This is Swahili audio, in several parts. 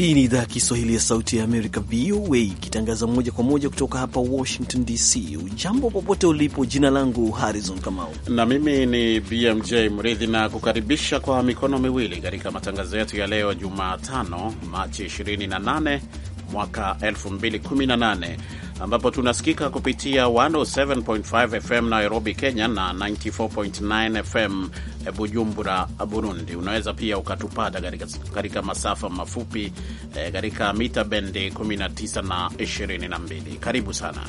Hii ni idhaa ya Kiswahili ya Sauti ya Amerika, VOA, ikitangaza moja kwa moja kutoka hapa Washington DC. Ujambo popote ulipo, jina langu Harrison Kamau na mimi ni BMJ Mridhi na kukaribisha kwa mikono miwili katika matangazo yetu ya leo Jumatano, Machi 28 mwaka 2018 ambapo tunasikika kupitia 107.5 FM Nairobi, Kenya na 94.9 FM Bujumbura, Burundi. Unaweza pia ukatupata katika masafa mafupi eh, katika mita bendi 19 na 22. Karibu sana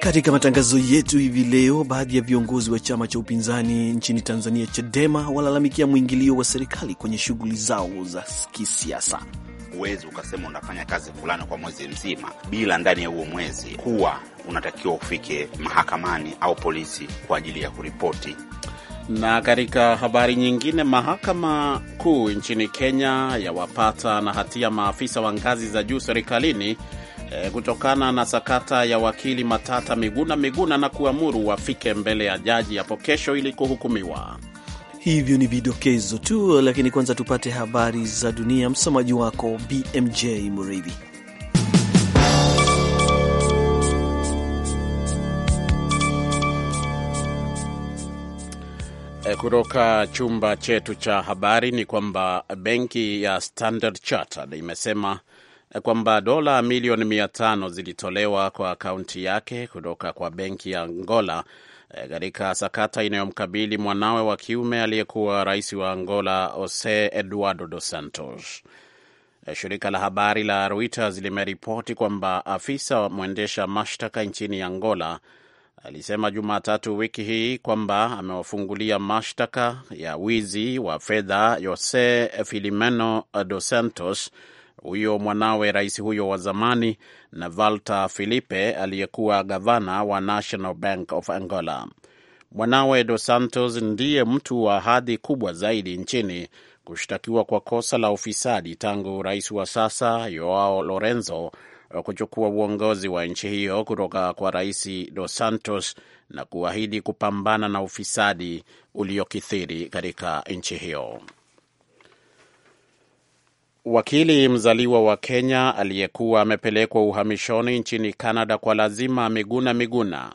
Katika matangazo yetu hivi leo, baadhi ya viongozi wa chama cha upinzani nchini Tanzania, Chadema, walalamikia mwingilio wa serikali kwenye shughuli zao za kisiasa. Huwezi ukasema unafanya kazi fulani kwa mwezi mzima bila ndani ya huo mwezi kuwa unatakiwa ufike mahakamani au polisi kwa ajili ya kuripoti. Na katika habari nyingine, mahakama kuu nchini Kenya yawapata na hatia maafisa wa ngazi za juu serikalini eh, kutokana na sakata ya wakili Matata Miguna Miguna na kuamuru wafike mbele ya jaji hapo kesho ili kuhukumiwa. Hivyo ni vidokezo tu, lakini kwanza tupate habari za dunia. Msomaji wako BMJ Muridhi. Eh, kutoka chumba chetu cha habari ni kwamba benki ya Standard Chartered imesema Eh, kwamba dola milioni mia tano zilitolewa kwa akaunti yake kutoka kwa benki ya Angola eh, katika sakata inayomkabili mwanawe wa kiume aliyekuwa rais wa Angola, Jose Eduardo Dos Santos. Eh, shirika la habari la Reuters limeripoti kwamba afisa mwendesha mashtaka nchini Angola alisema Jumatatu wiki hii kwamba amewafungulia mashtaka ya wizi wa fedha Jose Filimeno Dos Santos huyo mwanawe rais huyo wa zamani na Valta Filipe aliyekuwa gavana wa National Bank of Angola. Mwanawe Dos Santos ndiye mtu wa hadhi kubwa zaidi nchini kushtakiwa kwa kosa la ufisadi tangu rais wa sasa Joao Lorenzo kuchukua uongozi wa nchi hiyo kutoka kwa rais Dos Santos na kuahidi kupambana na ufisadi uliokithiri katika nchi hiyo. Wakili mzaliwa wa Kenya aliyekuwa amepelekwa uhamishoni nchini Canada kwa lazima, Miguna Miguna,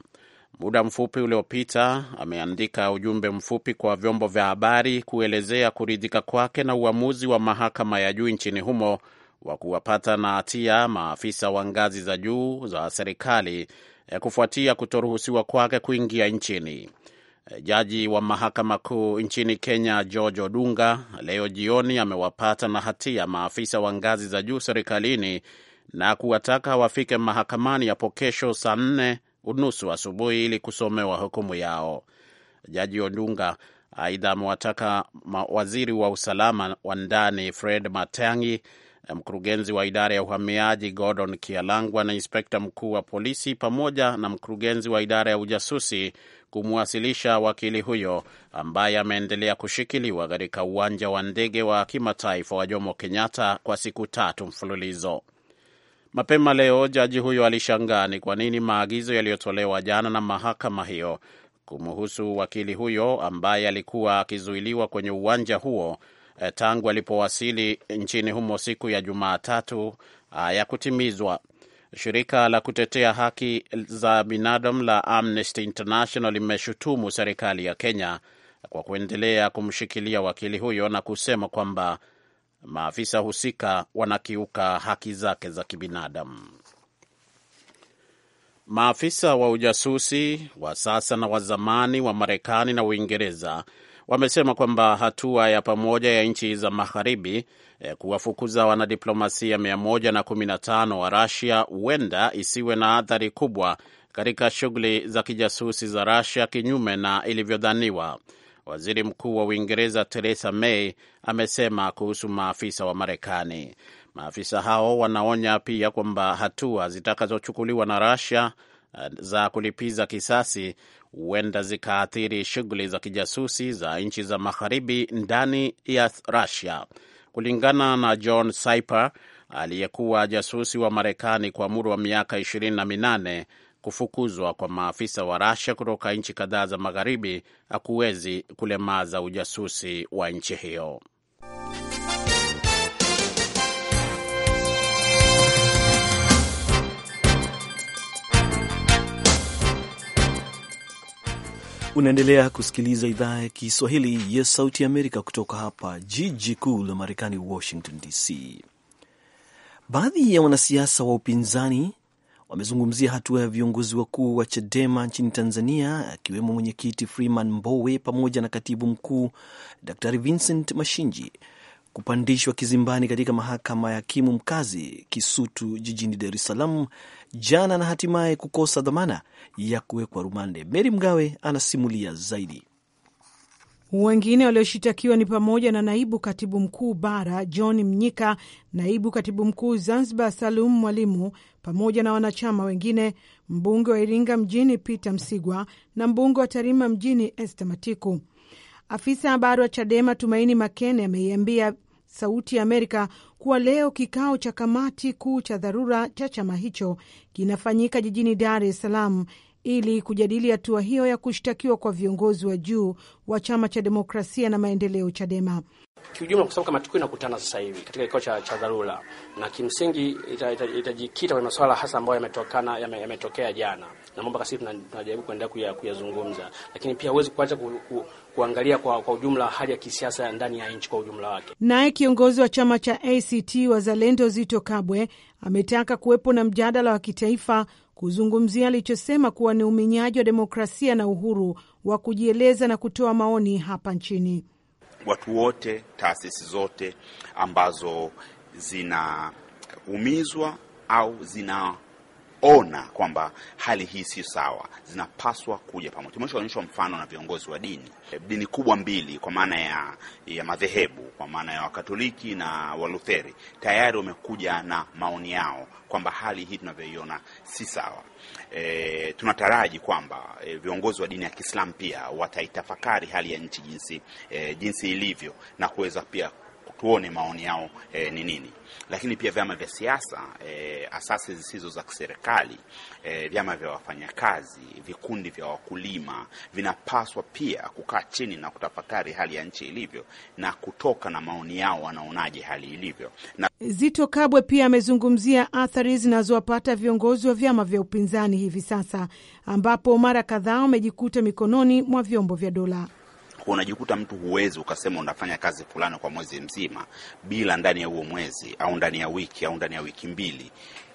muda mfupi uliopita ameandika ujumbe mfupi kwa vyombo vya habari kuelezea kuridhika kwake na uamuzi wa mahakama ya juu nchini humo wa kuwapata na hatia maafisa wa ngazi za juu za serikali ya eh, kufuatia kutoruhusiwa kwake kuingia nchini. Eh, jaji wa mahakama kuu nchini Kenya George Odunga leo jioni amewapata na hatia maafisa wa ngazi za juu serikalini na kuwataka wafike mahakamani hapo kesho saa nne unusu asubuhi ili kusomewa hukumu yao. Jaji Odunga aidha amewataka waziri wa usalama wa ndani Fred matangi mkurugenzi wa idara ya uhamiaji Gordon Kialangwa na inspekta mkuu wa polisi pamoja na mkurugenzi wa idara ya ujasusi kumwasilisha wakili huyo ambaye ameendelea kushikiliwa katika uwanja wa ndege wa kimataifa wa Jomo Kenyatta kwa siku tatu mfululizo. Mapema leo jaji huyo alishangaa ni kwa nini maagizo yaliyotolewa jana na mahakama hiyo kumhusu wakili huyo ambaye alikuwa akizuiliwa kwenye uwanja huo Eh, tangu alipowasili nchini humo siku ya Jumatatu ah, ya kutimizwa. Shirika la kutetea haki za binadamu la Amnesty International limeshutumu serikali ya Kenya kwa kuendelea kumshikilia wakili huyo na kusema kwamba maafisa husika wanakiuka haki zake za kibinadamu. Maafisa wa ujasusi wa sasa na wa zamani wa Marekani na Uingereza wamesema kwamba hatua ya pamoja ya nchi za magharibi eh, kuwafukuza wanadiplomasia 115 wa Rasia huenda isiwe na athari kubwa katika shughuli za kijasusi za Rasia, kinyume na ilivyodhaniwa. Waziri Mkuu wa Uingereza Theresa May amesema kuhusu maafisa wa Marekani. Maafisa hao wanaonya pia kwamba hatua zitakazochukuliwa na Rasia eh, za kulipiza kisasi huenda zikaathiri shughuli za kijasusi za nchi za magharibi ndani ya Rusia, kulingana na John cyper aliyekuwa jasusi wa Marekani kwa umri wa miaka ishirini na minane. Kufukuzwa kwa maafisa wa rasia kutoka nchi kadhaa za magharibi hakuwezi kulemaza ujasusi wa nchi hiyo. Unaendelea kusikiliza idhaa ya Kiswahili ya Sauti ya Amerika kutoka hapa jiji kuu la Marekani, Washington DC. Baadhi ya wanasiasa wa upinzani wamezungumzia hatua ya viongozi wakuu wa CHADEMA nchini Tanzania, akiwemo mwenyekiti Freeman Mbowe pamoja na katibu mkuu dr Vincent Mashinji kupandishwa kizimbani katika mahakama ya hakimu mkazi Kisutu jijini Dar es Salaam jana na hatimaye kukosa dhamana ya kuwekwa rumande. Meri Mgawe anasimulia zaidi. Wengine walioshitakiwa ni pamoja na naibu katibu mkuu bara John Mnyika, naibu katibu mkuu Zanzibar Salum Mwalimu pamoja na wanachama wengine, mbunge wa Iringa mjini Peter Msigwa na mbunge wa Tarima mjini estematiku Matiku. Afisa habari wa Chadema Tumaini Makene ameiambia Sauti ya Amerika kuwa leo kikao cha kamati kuu cha dharura cha chama hicho kinafanyika jijini Dar es Salaam ili kujadili hatua hiyo ya kushtakiwa kwa viongozi wa juu wa chama cha demokrasia na maendeleo, CHADEMA kiujumla, kwa sababu kamati kuu inakutana sasa hivi katika kikao cha, cha dharura na kimsingi itajikita ita, ita kwenye masuala hasa ambayo yametokana yametokea jana na mambo kasi, tunajaribu kuendelea kuyazungumza, lakini pia huwezi kuacha ku, ku, kuangalia kwa, kwa ujumla hali ya kisiasa ndani ya nchi kwa ujumla wake. Naye kiongozi wa chama cha ACT Wazalendo Zito Kabwe ametaka kuwepo na mjadala wa kitaifa kuzungumzia alichosema kuwa ni uminyaji wa demokrasia na uhuru wa kujieleza na kutoa maoni hapa nchini watu wote, taasisi zote ambazo zinaumizwa au zinaona kwamba hali hii si sawa, zinapaswa kuja pamoja. Tumeshaonyeshwa mfano na viongozi wa dini, eh, dini kubwa mbili kwa maana ya, ya madhehebu kwa maana ya Wakatoliki na Walutheri, tayari wamekuja na maoni yao kwamba hali hii tunavyoiona si sawa e, tunataraji kwamba e, viongozi wa dini ya Kiislamu pia wataitafakari hali ya nchi jinsi, e, jinsi ilivyo na kuweza pia tuone maoni yao e, ni nini. Lakini pia vyama vya siasa e, asasi zisizo za kiserikali e, vyama vya wafanyakazi, vikundi vya wakulima vinapaswa pia kukaa chini na kutafakari hali ya nchi ilivyo na kutoka na maoni yao, wanaonaje hali ilivyo na... Zito Kabwe pia amezungumzia athari zinazowapata viongozi wa vyama vya upinzani hivi sasa, ambapo mara kadhaa wamejikuta mikononi mwa vyombo vya dola. Kwa unajikuta mtu huwezi ukasema unafanya kazi fulani kwa mwezi mzima bila ndani ya huo mwezi au ndani ya wiki au ndani ya wiki mbili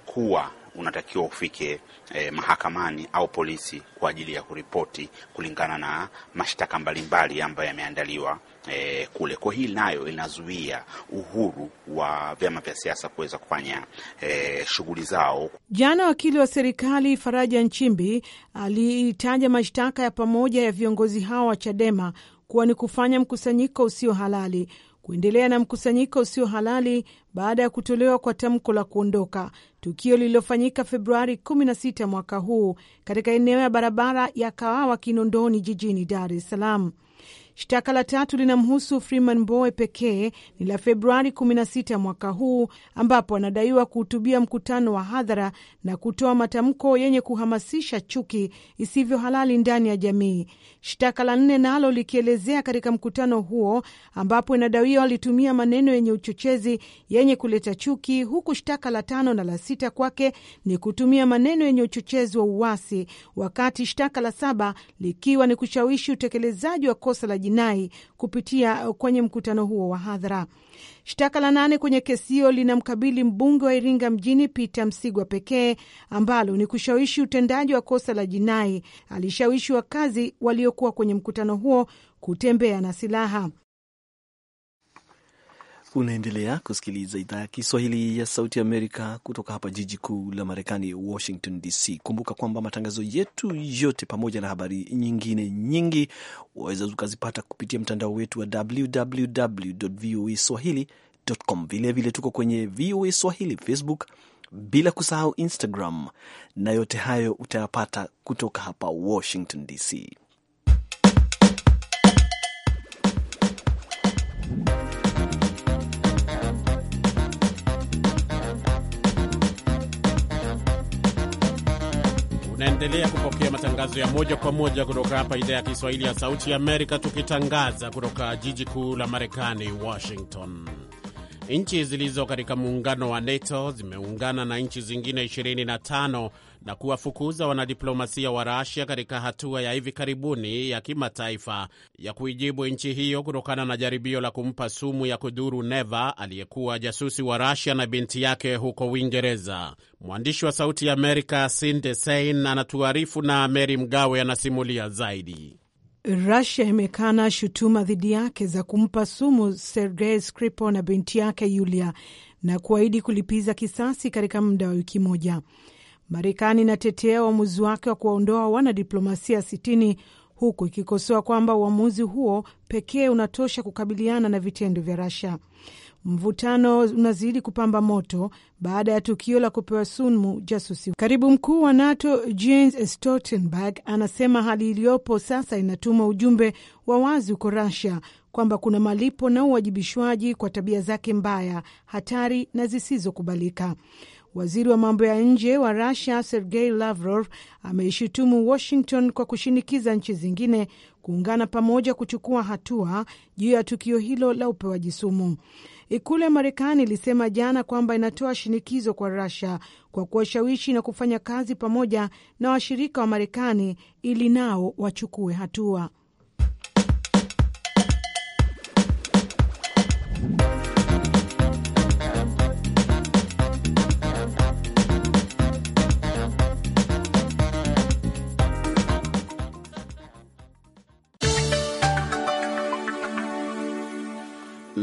kuwa unatakiwa ufike eh, mahakamani au polisi kwa ajili ya kuripoti kulingana na mashtaka mbalimbali ambayo yameandaliwa eh, kule. Kwa hii nayo inazuia uhuru wa vyama vya siasa kuweza kufanya eh, shughuli zao. Jana wakili wa serikali Faraja Nchimbi alitaja mashtaka ya pamoja ya viongozi hao wa Chadema kuwa ni kufanya mkusanyiko usio halali kuendelea na mkusanyiko usio halali baada ya kutolewa kwa tamko la kuondoka, tukio lililofanyika Februari 16 mwaka huu katika eneo ya barabara ya Kawawa Kinondoni jijini Dar es Salaam. Shtaka la tatu linamhusu Freeman Mbowe pekee ni la Februari 16 mwaka huu, ambapo anadaiwa kuhutubia mkutano wa hadhara na kutoa matamko yenye kuhamasisha chuki isivyo halali ndani ya jamii. Shtaka la nne nalo likielezea katika mkutano huo, ambapo inadaiwa alitumia maneno yenye uchochezi yenye kuleta chuki, huku shtaka la tano na la sita kwake ni kutumia maneno yenye uchochezi wa uwasi, wakati shtaka la saba likiwa ni kushawishi utekelezaji wa kosa la jinai kupitia kwenye mkutano huo wa hadhara. Shtaka la nane kwenye kesi hiyo linamkabili mbunge wa Iringa mjini Peter Msigwa pekee ambalo ni kushawishi utendaji wa kosa la jinai. Alishawishi wakazi waliokuwa kwenye mkutano huo kutembea na silaha. Unaendelea kusikiliza idhaa ya Kiswahili ya Sauti ya Amerika kutoka hapa jiji kuu la Marekani, Washington DC. Kumbuka kwamba matangazo yetu yote pamoja na habari nyingine nyingi waweza ukazipata kupitia mtandao wetu wa www voa swahili.com. Vilevile tuko kwenye VOA Swahili Facebook, bila kusahau Instagram, na yote hayo utayapata kutoka hapa Washington DC. Naendelea kupokea matangazo ya moja kwa moja kutoka hapa idhaa ya Kiswahili ya Sauti ya Amerika, tukitangaza kutoka jiji kuu la Marekani, Washington. Nchi zilizo katika muungano wa NATO zimeungana na nchi zingine 25 na kuwafukuza wanadiplomasia wa Rasia katika hatua ya hivi karibuni ya kimataifa ya kuijibu nchi hiyo kutokana na jaribio la kumpa sumu ya kudhuru Neva aliyekuwa jasusi wa Rasia na binti yake huko Uingereza. Mwandishi wa Sauti ya Amerika Sinde Sein anatuarifu na Meri Mgawe anasimulia zaidi. Rusia imekana shutuma dhidi yake za kumpa sumu Sergei Skripal na binti yake Yulia na kuahidi kulipiza kisasi katika muda wa wiki moja. Marekani inatetea uamuzi wake wa kuwaondoa wanadiplomasia sitini huku ikikosoa kwamba uamuzi huo pekee unatosha kukabiliana na vitendo vya Rusia. Mvutano unazidi kupamba moto baada ya tukio la kupewa sumu jasusi. Katibu mkuu wa NATO Jens Stoltenberg anasema hali iliyopo sasa inatuma ujumbe wa wazi huko Russia kwamba kuna malipo na uwajibishwaji kwa tabia zake mbaya, hatari na zisizokubalika. Waziri wa mambo ya nje wa Russia Sergei Lavrov ameishutumu Washington kwa kushinikiza nchi zingine kuungana pamoja kuchukua hatua juu ya tukio hilo la upewaji sumu. Ikulu ya Marekani ilisema jana kwamba inatoa shinikizo kwa rusia kwa kuwashawishi na kufanya kazi pamoja na washirika wa Marekani ili nao wachukue hatua.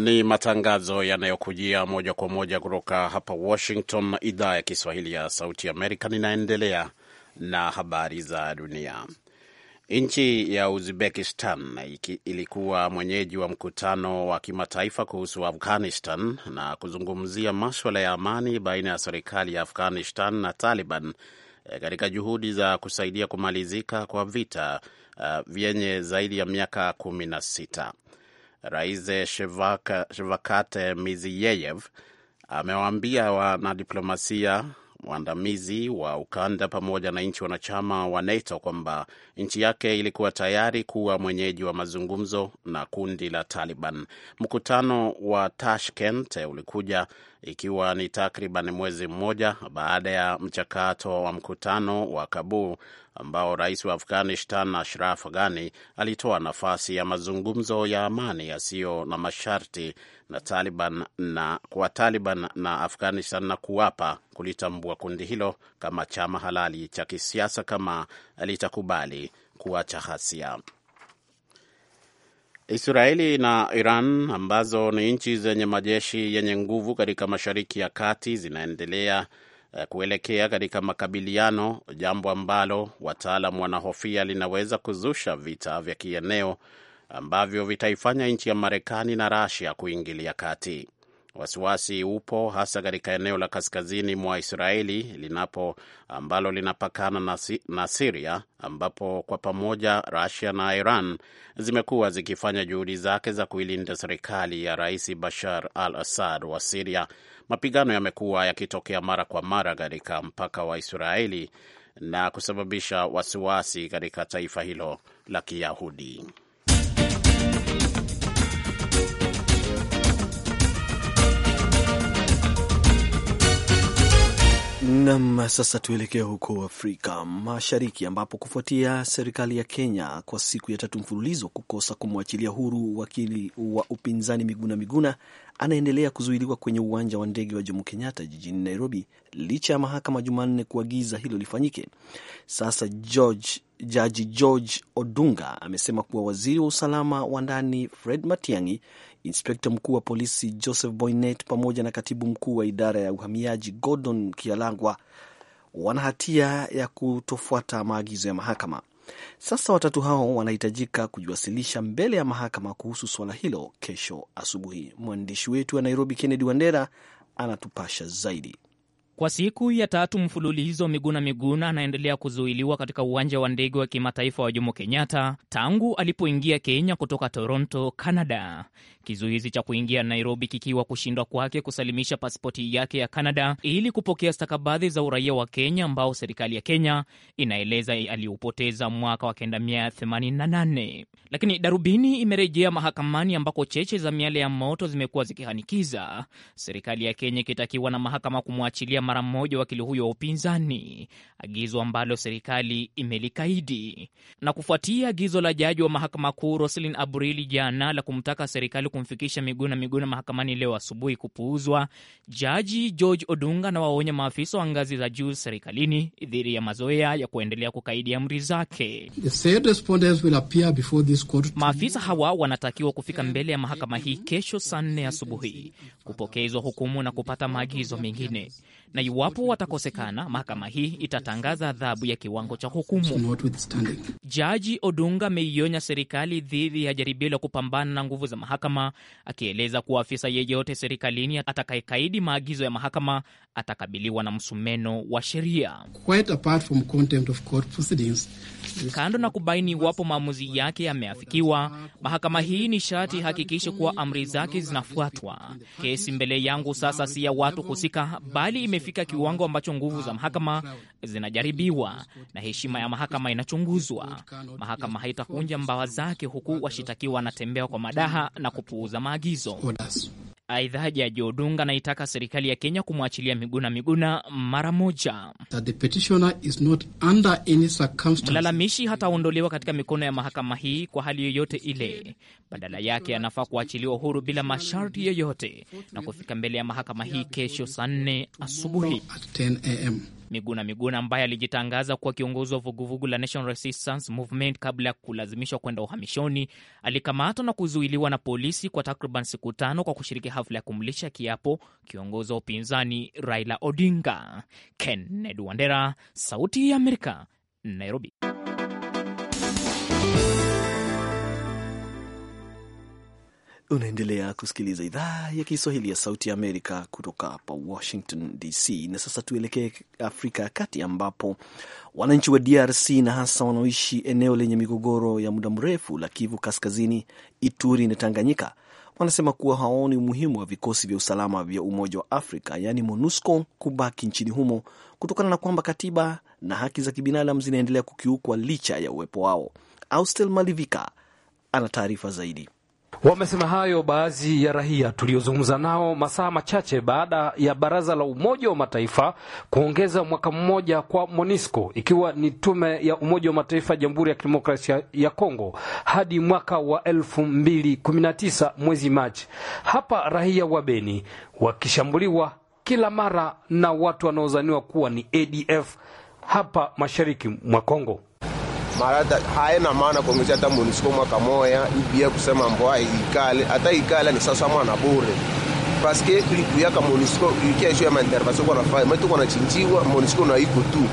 ni matangazo yanayokujia moja kwa moja kutoka hapa Washington, idhaa ya Kiswahili ya Sauti Amerika. Ninaendelea na habari za dunia. Nchi ya Uzbekistan ilikuwa mwenyeji wa mkutano wa kimataifa kuhusu Afghanistan na kuzungumzia maswala ya amani baina ya serikali ya Afghanistan na Taliban e, katika juhudi za kusaidia kumalizika kwa vita uh, vyenye zaidi ya miaka kumi na sita. Rais shevakate Miziyeyev amewaambia wanadiplomasia mwandamizi wa ukanda pamoja na nchi wanachama wa NATO kwamba nchi yake ilikuwa tayari kuwa mwenyeji wa mazungumzo na kundi la Taliban. Mkutano wa Tashkent ulikuja ikiwa ni takriban mwezi mmoja baada ya mchakato wa mkutano wa Kabul ambao rais wa Afghanistan Ashraf Ghani alitoa nafasi ya mazungumzo ya amani yasiyo na masharti na Taliban na, kwa Taliban na Afghanistan na kuwapa kulitambua kundi hilo kama chama halali cha kisiasa kama litakubali kuacha ghasia. Israeli na Iran ambazo ni nchi zenye majeshi yenye nguvu katika Mashariki ya Kati zinaendelea Eh, kuelekea katika makabiliano, jambo ambalo wataalam wanahofia linaweza kuzusha vita vya kieneo ambavyo vitaifanya nchi ya Marekani na Rasia kuingilia kati. Wasiwasi upo hasa katika eneo la kaskazini mwa Israeli linapo ambalo linapakana na Siria, ambapo kwa pamoja Rusia na Iran zimekuwa zikifanya juhudi zake za kuilinda serikali ya Rais Bashar al Assad wa Siria. Mapigano yamekuwa yakitokea mara kwa mara katika mpaka wa Israeli na kusababisha wasiwasi katika taifa hilo la Kiyahudi. Nam, sasa tuelekee huko Afrika Mashariki, ambapo kufuatia serikali ya Kenya kwa siku ya tatu mfululizo kukosa kumwachilia huru wakili wa upinzani Miguna Miguna, anaendelea kuzuiliwa kwenye uwanja wa ndege wa Jomo Kenyatta jijini Nairobi, licha ya mahakama Jumanne kuagiza hilo lifanyike. Sasa George, jaji George Odunga amesema kuwa waziri wa usalama wa ndani Fred Matiang'i Inspekta mkuu wa polisi Joseph Boynet pamoja na katibu mkuu wa idara ya uhamiaji Gordon Kialangwa wana hatia ya kutofuata maagizo ya mahakama. Sasa watatu hao wanahitajika kujiwasilisha mbele ya mahakama kuhusu suala hilo kesho asubuhi. Mwandishi wetu wa Nairobi Kennedy Wandera anatupasha zaidi. Kwa siku ya tatu mfululizo, Miguna Miguna anaendelea kuzuiliwa katika uwanja wa ndege wa kimataifa wa Jomo Kenyatta tangu alipoingia Kenya kutoka Toronto, Canada. Kizuizi cha kuingia Nairobi kikiwa kushindwa kwake kusalimisha pasipoti yake ya Canada ili kupokea stakabadhi za uraia wa Kenya ambao serikali ya Kenya inaeleza aliupoteza mwaka wa 1988. Lakini darubini imerejea mahakamani ambako cheche za miale ya moto zimekuwa zikihanikiza, serikali ya Kenya ikitakiwa na mahakama kumwachilia mara mmoja wakili huyo wa upinzani, agizo ambalo serikali imelikaidi. Na kufuatia agizo la jaji wa mahakama kuu Roslin Abrili jana la kumtaka serikali kumfikisha miguu miguu na mahakamani leo asubuhi kupuuzwa, jaji George Odunga anawaonya maafisa wa ngazi za juu serikalini dhidi ya mazoea ya kuendelea kukaidi amri zake. Maafisa hawa wanatakiwa kufika mbele ya mahakama hii kesho saa nne asubuhi kupokezwa hukumu na kupata maagizo mengine na iwapo watakosekana, mahakama hii itatangaza adhabu ya kiwango cha hukumu. Jaji Odunga ameionya serikali dhidi ya jaribio la kupambana na nguvu za mahakama, akieleza kuwa afisa yeyote serikalini atakayekaidi maagizo ya mahakama atakabiliwa na msumeno wa sheria. Kando na kubaini iwapo maamuzi yake yameafikiwa, mahakama hii ni sharti hakikishe kuwa amri zake zinafuatwa. Kesi mbele yangu sasa si ya watu husika, bali imefika kiwango ambacho nguvu za mahakama zinajaribiwa na heshima ya mahakama inachunguzwa. Mahakama haitakunja mbawa zake huku washitakiwa wanatembea kwa madaha na kupuuza maagizo. Aidha, Jaji Odunga anaitaka serikali ya Kenya kumwachilia Miguna Miguna mara moja. Mlalamishi hataondolewa katika mikono ya mahakama hii kwa hali yoyote ile, badala yake anafaa kuachiliwa uhuru bila masharti yoyote na kufika mbele ya mahakama hii kesho saa nne asubuhi. Miguna Miguna ambaye alijitangaza kuwa kiongozi wa vuguvugu la National Resistance Movement kabla ya kulazimishwa kwenda uhamishoni, alikamatwa na kuzuiliwa na polisi kwa takriban siku tano kwa kushiriki hafla ya kumlisha kiapo kiongozi wa upinzani Raila Odinga. Kennedy Wandera, Sauti ya Amerika, Nairobi. Unaendelea kusikiliza idhaa ya Kiswahili ya Sauti ya Amerika kutoka hapa Washington DC. Na sasa tuelekee Afrika ya Kati, ambapo wananchi wa DRC na hasa wanaoishi eneo lenye migogoro ya muda mrefu la Kivu Kaskazini, Ituri na Tanganyika wanasema kuwa hawaoni umuhimu wa vikosi vya usalama vya Umoja wa Afrika yaani MONUSCO kubaki nchini humo kutokana na kwamba katiba na haki za kibinadamu zinaendelea kukiukwa licha ya uwepo wao. Austel Malivika ana taarifa zaidi. Wamesema hayo baadhi ya raia tuliozungumza nao masaa machache baada ya baraza la Umoja wa Mataifa kuongeza mwaka mmoja kwa MONUSCO ikiwa ni tume ya Umoja wa Mataifa Jamhuri ya Kidemokrasia ya Kongo hadi mwaka wa elfu mbili kumi na tisa mwezi Machi. Hapa raia wa Beni wakishambuliwa kila mara na watu wanaozaniwa kuwa ni ADF hapa mashariki mwa Kongo marata haina maana kuongezea hata MONUSCO mwaka moya ibia kusema mboa ikale hata ikale ni sasa mwana bure paske tulipuyaka MONUSCO ilikia ishu ya maintervention kwa nafanya mtu kwa nachinjiwa MONUSCO na iko tu.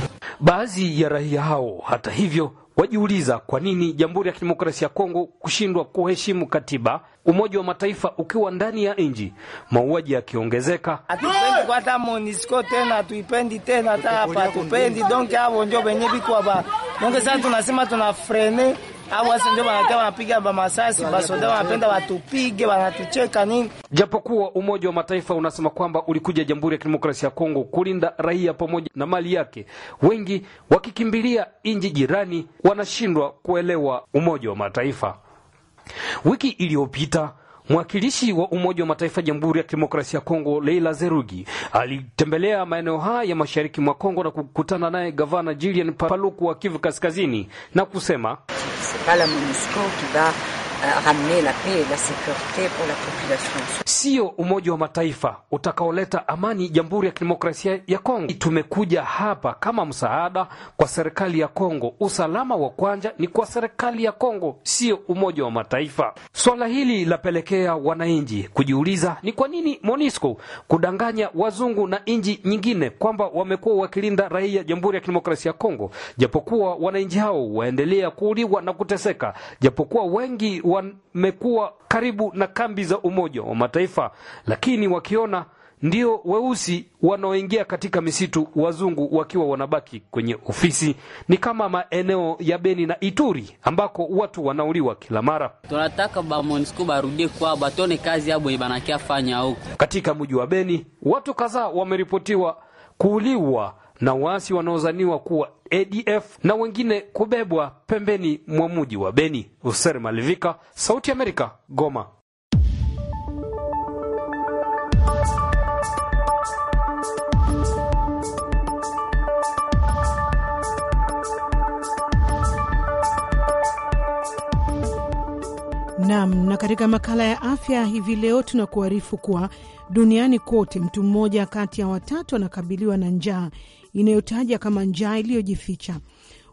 Baadhi ya raia hao hata hivyo wajiuliza kwa nini Jamhuri ya Kidemokrasia ya Kongo kushindwa kuheshimu katiba, Umoja wa Mataifa ukiwa ndani ya nchi, mauaji yakiongezeka. Hatupendi kwa hata Monisco tena, hatuipendi tena, hata hapa hatupendi. Donke hao ndio wenye biko hapa donke. Sasa tunasema tunafrene au masasi, wanapenda watupige, wanatucheka nini. Japokuwa Umoja wa Mataifa unasema kwamba ulikuja Jamhuri ya Kidemokrasia ya Kongo kulinda raia pamoja na mali yake, wengi wakikimbilia nchi jirani wanashindwa kuelewa Umoja wa Mataifa. Wiki iliyopita mwakilishi wa Umoja wa Mataifa Jamhuri ya Kidemokrasia ya Kongo, Leila Zerugi alitembelea maeneo haya ya mashariki mwa Kongo na kukutana naye gavana Julian Paluku wa Kivu Kaskazini na kusema pas la MONUSCO qui va euh, ramener la paix et la sécurité pour la population. sio Umoja wa Mataifa utakaoleta amani Jamhuri ya Kidemokrasia ya Kongo. Tumekuja hapa kama msaada kwa serikali ya Kongo. Usalama wa kwanja ni kwa serikali ya Kongo, sio Umoja wa Mataifa. Swala hili lapelekea wananchi kujiuliza ni kwa nini MONUSCO kudanganya wazungu na nchi nyingine kwamba wamekuwa wakilinda raia Jamhuri ya Kidemokrasia ya Kongo, japokuwa wananchi hao waendelea kuuliwa na kuteseka, japokuwa wengi wamekuwa karibu na kambi za Umoja wa Mataifa taifa, lakini wakiona ndio weusi wanaoingia katika misitu, wazungu wakiwa wanabaki kwenye ofisi. Ni kama maeneo ya Beni na Ituri ambako watu wanauliwa kila mara. Tunataka ba MONUSCO barudie kwao, batone kazi yabo banakia fanya huko. Katika mji wa Beni watu kadhaa wameripotiwa kuuliwa na waasi wanaozaniwa kuwa ADF na wengine kubebwa pembeni mwa mji wa Beni. User Malivika, Sauti Amerika, Goma. Nam. Na katika makala ya afya hivi leo tunakuarifu kuwa duniani kote mtu mmoja kati ya watatu anakabiliwa na njaa inayotaja kama njaa iliyojificha.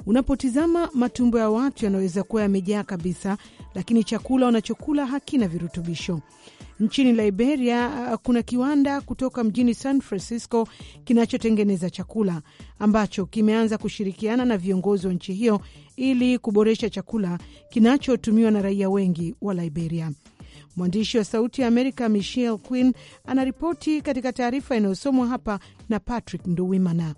Unapotizama matumbo ya watu yanaweza kuwa yamejaa kabisa, lakini chakula wanachokula hakina virutubisho. Nchini Liberia uh, kuna kiwanda kutoka mjini San Francisco kinachotengeneza chakula ambacho kimeanza kushirikiana na viongozi wa nchi hiyo ili kuboresha chakula kinachotumiwa na raia wengi wa Liberia. Mwandishi wa Sauti ya Amerika Michelle Quinn anaripoti katika taarifa inayosomwa hapa na Patrick Nduwimana.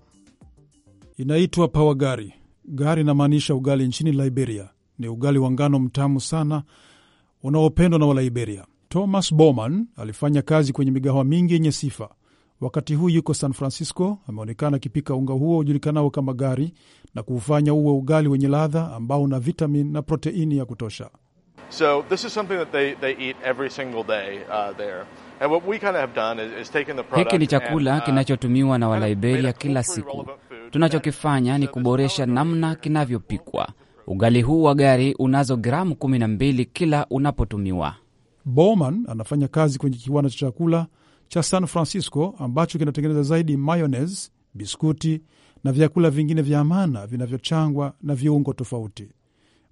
Inaitwa pawagari. Gari inamaanisha ugali nchini Liberia. Ni ugali wa ngano mtamu sana unaopendwa na Waliberia. Thomas Bowman alifanya kazi kwenye migahawa mingi yenye sifa. Wakati huu yuko San Francisco, ameonekana akipika unga huo ujulikanao kama gari na kuufanya uwe ugali wenye ladha ambao una vitamin na proteini ya kutosha. So this is something that they, they eat every single day uh, there. Hiki ni chakula uh, kinachotumiwa na Waliberia kila siku Tunachokifanya ni kuboresha namna kinavyopikwa. Ugali huu wa gari unazo gramu 12 kila unapotumiwa. Bowman anafanya kazi kwenye kiwanda cha chakula cha San Francisco ambacho kinatengeneza zaidi mayonnaise, biskuti na vyakula vingine vya amana vinavyochangwa na viungo tofauti.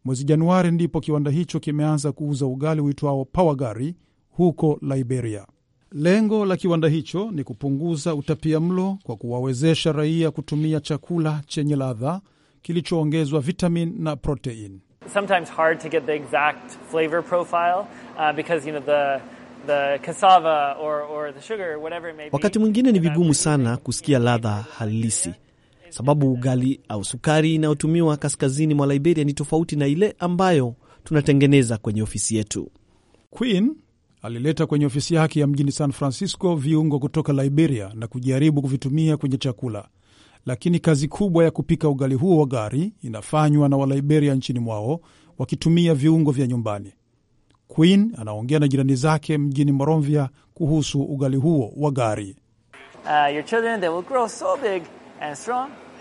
Mwezi Januari ndipo kiwanda hicho kimeanza kuuza ugali uitwao pawagari huko Liberia. Lengo la kiwanda hicho ni kupunguza utapia mlo kwa kuwawezesha raia kutumia chakula chenye ladha kilichoongezwa vitamin na protein. Wakati mwingine ni vigumu sana kusikia ladha halisi, sababu ugali au sukari inayotumiwa kaskazini mwa Liberia ni tofauti na ile ambayo tunatengeneza kwenye ofisi yetu. Queen alileta kwenye ofisi yake ya mjini San Francisco viungo kutoka Liberia na kujaribu kuvitumia kwenye chakula, lakini kazi kubwa ya kupika ugali huo wa gari inafanywa na Waliberia nchini mwao wakitumia viungo vya nyumbani. Queen anaongea na jirani zake mjini moromvia kuhusu ugali huo wa gari.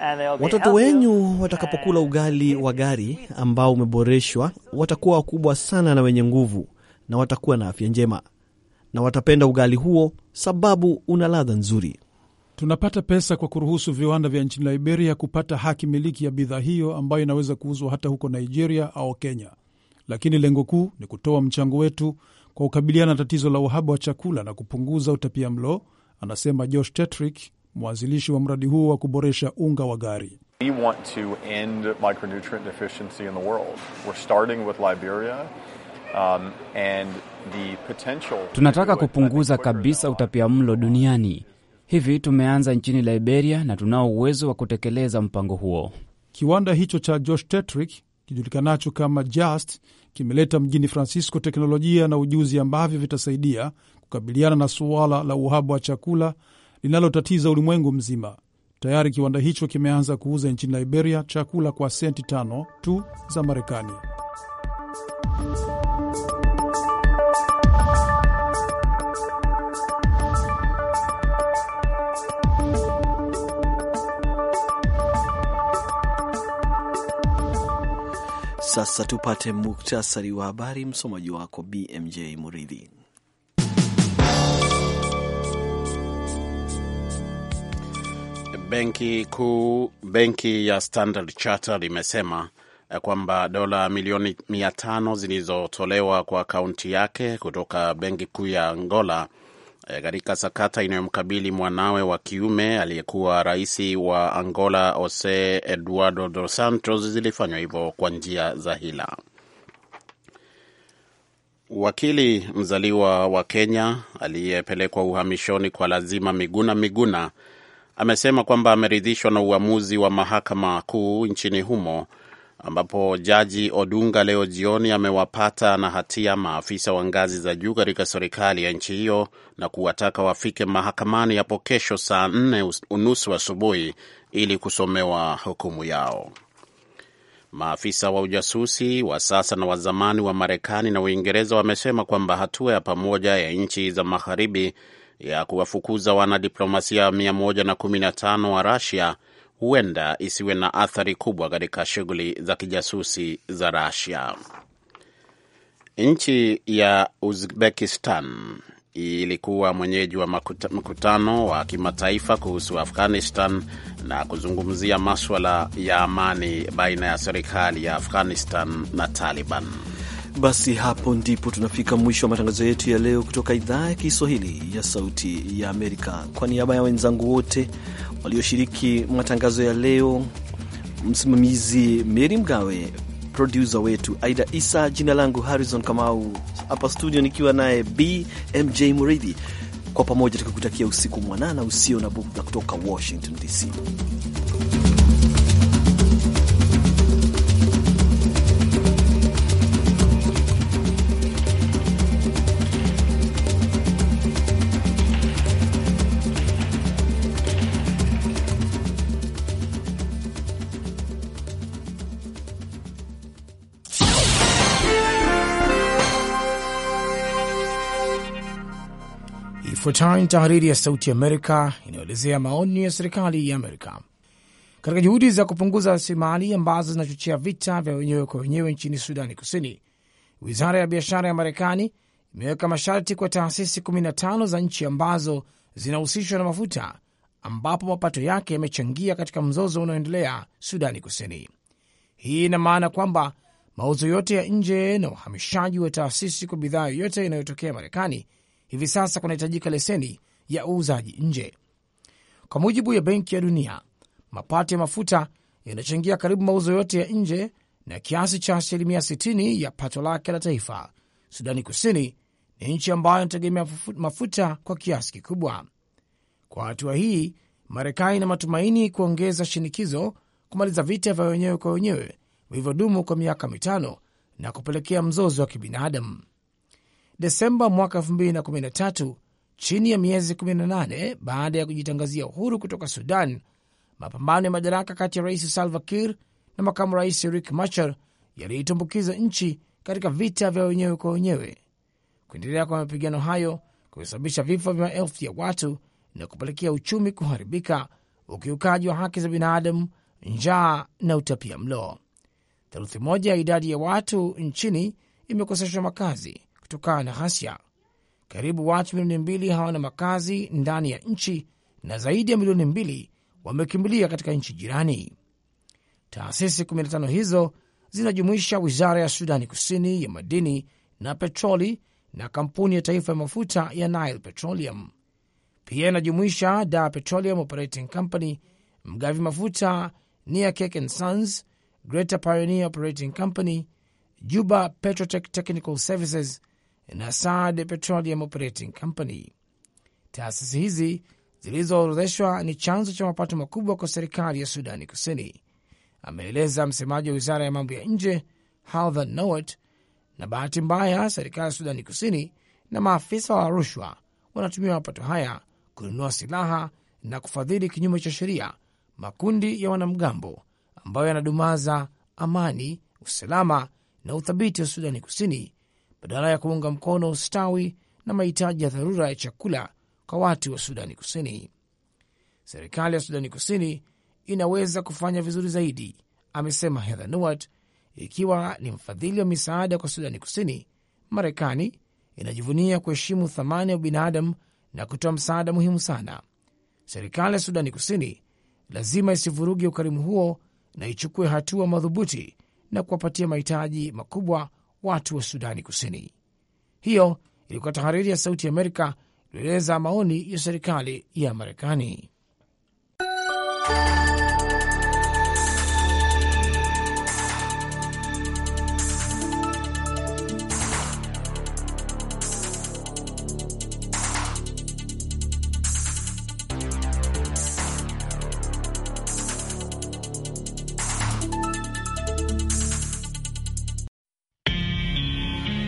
Uh, watoto wenyu watakapokula ugali wa gari ambao umeboreshwa watakuwa wakubwa sana na wenye nguvu na watakuwa na afya njema na watapenda ugali huo sababu una ladha nzuri. Tunapata pesa kwa kuruhusu viwanda vya nchini Liberia kupata haki miliki ya bidhaa hiyo ambayo inaweza kuuzwa hata huko Nigeria au Kenya, lakini lengo kuu ni kutoa mchango wetu kwa kukabiliana na tatizo la uhaba wa chakula na kupunguza utapia mlo, anasema Josh Tetrick, mwanzilishi wa mradi huo wa kuboresha unga wa gari. We want to end micronutrient deficiency in the world. We're starting with Liberia. Um, and the potential... tunataka kupunguza kabisa utapia mlo duniani. Hivi tumeanza nchini Liberia na tunao uwezo wa kutekeleza mpango huo. Kiwanda hicho cha Josh Tetrick kijulikanacho kama Just kimeleta mjini Francisco teknolojia na ujuzi ambavyo vitasaidia kukabiliana na suala la uhaba wa chakula linalotatiza ulimwengu mzima. Tayari kiwanda hicho kimeanza kuuza nchini Liberia chakula kwa senti tano tu za Marekani. Sasa tupate muktasari wa habari, msomaji wako BMJ Muridhi. Benki kuu, benki ya Standard Chartered imesema kwamba dola milioni mia tano zilizotolewa kwa akaunti yake kutoka benki kuu ya Angola katika sakata inayomkabili mwanawe wa kiume aliyekuwa rais wa Angola Jose Eduardo dos Santos zilifanywa hivyo kwa njia za hila. Wakili mzaliwa wa Kenya aliyepelekwa uhamishoni kwa lazima Miguna Miguna amesema kwamba ameridhishwa na uamuzi wa mahakama kuu nchini humo ambapo jaji Odunga leo jioni amewapata na hatia maafisa wa ngazi za juu katika serikali ya nchi hiyo na kuwataka wafike mahakamani hapo kesho saa nne unusu asubuhi ili kusomewa hukumu yao. Maafisa wa ujasusi wa sasa na wa zamani wa Marekani na Uingereza wamesema kwamba hatua ya pamoja ya nchi za magharibi ya kuwafukuza wanadiplomasia 115 wa Rasia huenda isiwe na athari kubwa katika shughuli za kijasusi za Russia. Nchi ya Uzbekistan ilikuwa mwenyeji wa mkutano wa kimataifa kuhusu Afghanistan na kuzungumzia maswala ya amani baina ya serikali ya Afghanistan na Taliban. Basi hapo ndipo tunafika mwisho wa matangazo yetu ya leo kutoka idhaa ya Kiswahili ya Sauti ya Amerika. Kwa niaba ya wenzangu wote walioshiriki matangazo ya leo, msimamizi Meri Mgawe, produsa wetu Aida Isa. Jina langu Harrison Kamau, hapa studio nikiwa naye BMJ Muridhi. Kwa pamoja tukikutakia usiku mwanana usio na bughudha kutoka Washington DC. Ifuatayo ni tahariri ya Sauti ya Amerika inayoelezea maoni ya serikali ya Amerika. Katika juhudi za kupunguza rasilimali ambazo zinachochea vita vya wenyewe kwa wenyewe nchini Sudani Kusini, wizara ya biashara ya Marekani imeweka masharti kwa taasisi 15 za nchi ambazo zinahusishwa na mafuta, ambapo mapato yake yamechangia katika mzozo unaoendelea Sudani Kusini. Hii ina maana kwamba mauzo yote ya nje na uhamishaji wa taasisi kwa bidhaa yoyote inayotokea Marekani hivi sasa kunahitajika leseni ya uuzaji nje. Kwa mujibu ya Benki ya Dunia, mapato ya mafuta yanachangia karibu mauzo yote ya nje na kiasi cha asilimia 60 ya pato lake la taifa. Sudani Kusini ni nchi ambayo inategemea mafuta kwa kiasi kikubwa. Kwa hatua hii, Marekani ina matumaini kuongeza shinikizo kumaliza vita vya wenyewe kwa wenyewe vilivyodumu kwa miaka mitano na kupelekea mzozo wa kibinadamu. Desemba mwaka 2013, chini ya miezi 18 baada ya kujitangazia uhuru kutoka Sudan, mapambano ya madaraka kati ya Rais Salva Kiir na makamu rais Riek Machar yaliitumbukiza nchi katika vita vya wenyewe kwa wenyewe. Kuendelea kwa mapigano hayo kumesababisha vifo vya maelfu ya watu na kupelekea uchumi kuharibika, ukiukaji wa haki za binadamu, njaa na utapia mlo. Theluthi moja ya idadi ya watu nchini imekoseshwa makazi kutokana na ghasia. Karibu watu milioni mbili hawana makazi ndani ya nchi na zaidi ya milioni mbili wamekimbilia katika nchi jirani. Taasisi 15 hizo zinajumuisha wizara ya Sudani Kusini ya madini na petroli na kampuni ya taifa ya mafuta ya Nile Petroleum. Pia inajumuisha Da Petroleum Operating Company, mgavi mafuta Niyakek and Sons, Greater Pioneer Operating Company, Juba Petrotech Technical Services Nassad Petroleum Operating Company. Taasisi hizi zilizoorodheshwa ni chanzo cha mapato makubwa kwa serikali ya Sudani Kusini, ameeleza msemaji wa wizara ya mambo ya nje Halvan Nowat. Na bahati mbaya, serikali ya Sudani Kusini na maafisa wa rushwa wanatumia mapato haya kununua silaha na kufadhili kinyume cha sheria makundi ya wanamgambo ambayo yanadumaza amani, usalama na uthabiti wa Sudani Kusini badala ya kuunga mkono ustawi na mahitaji ya dharura ya chakula kwa watu wa Sudani Kusini. Serikali ya Sudani Kusini inaweza kufanya vizuri zaidi, amesema Heather Nauert, ikiwa ni mfadhili wa misaada kwa Sudani Kusini. Marekani inajivunia kuheshimu thamani ya binadamu na kutoa msaada muhimu sana. Serikali ya Sudani Kusini lazima isivuruge ukarimu huo na ichukue hatua madhubuti na kuwapatia mahitaji makubwa watu wa Sudani Kusini. Hiyo ilikuwa tahariri ya Sauti ya Amerika ilieleza maoni ya serikali ya Marekani.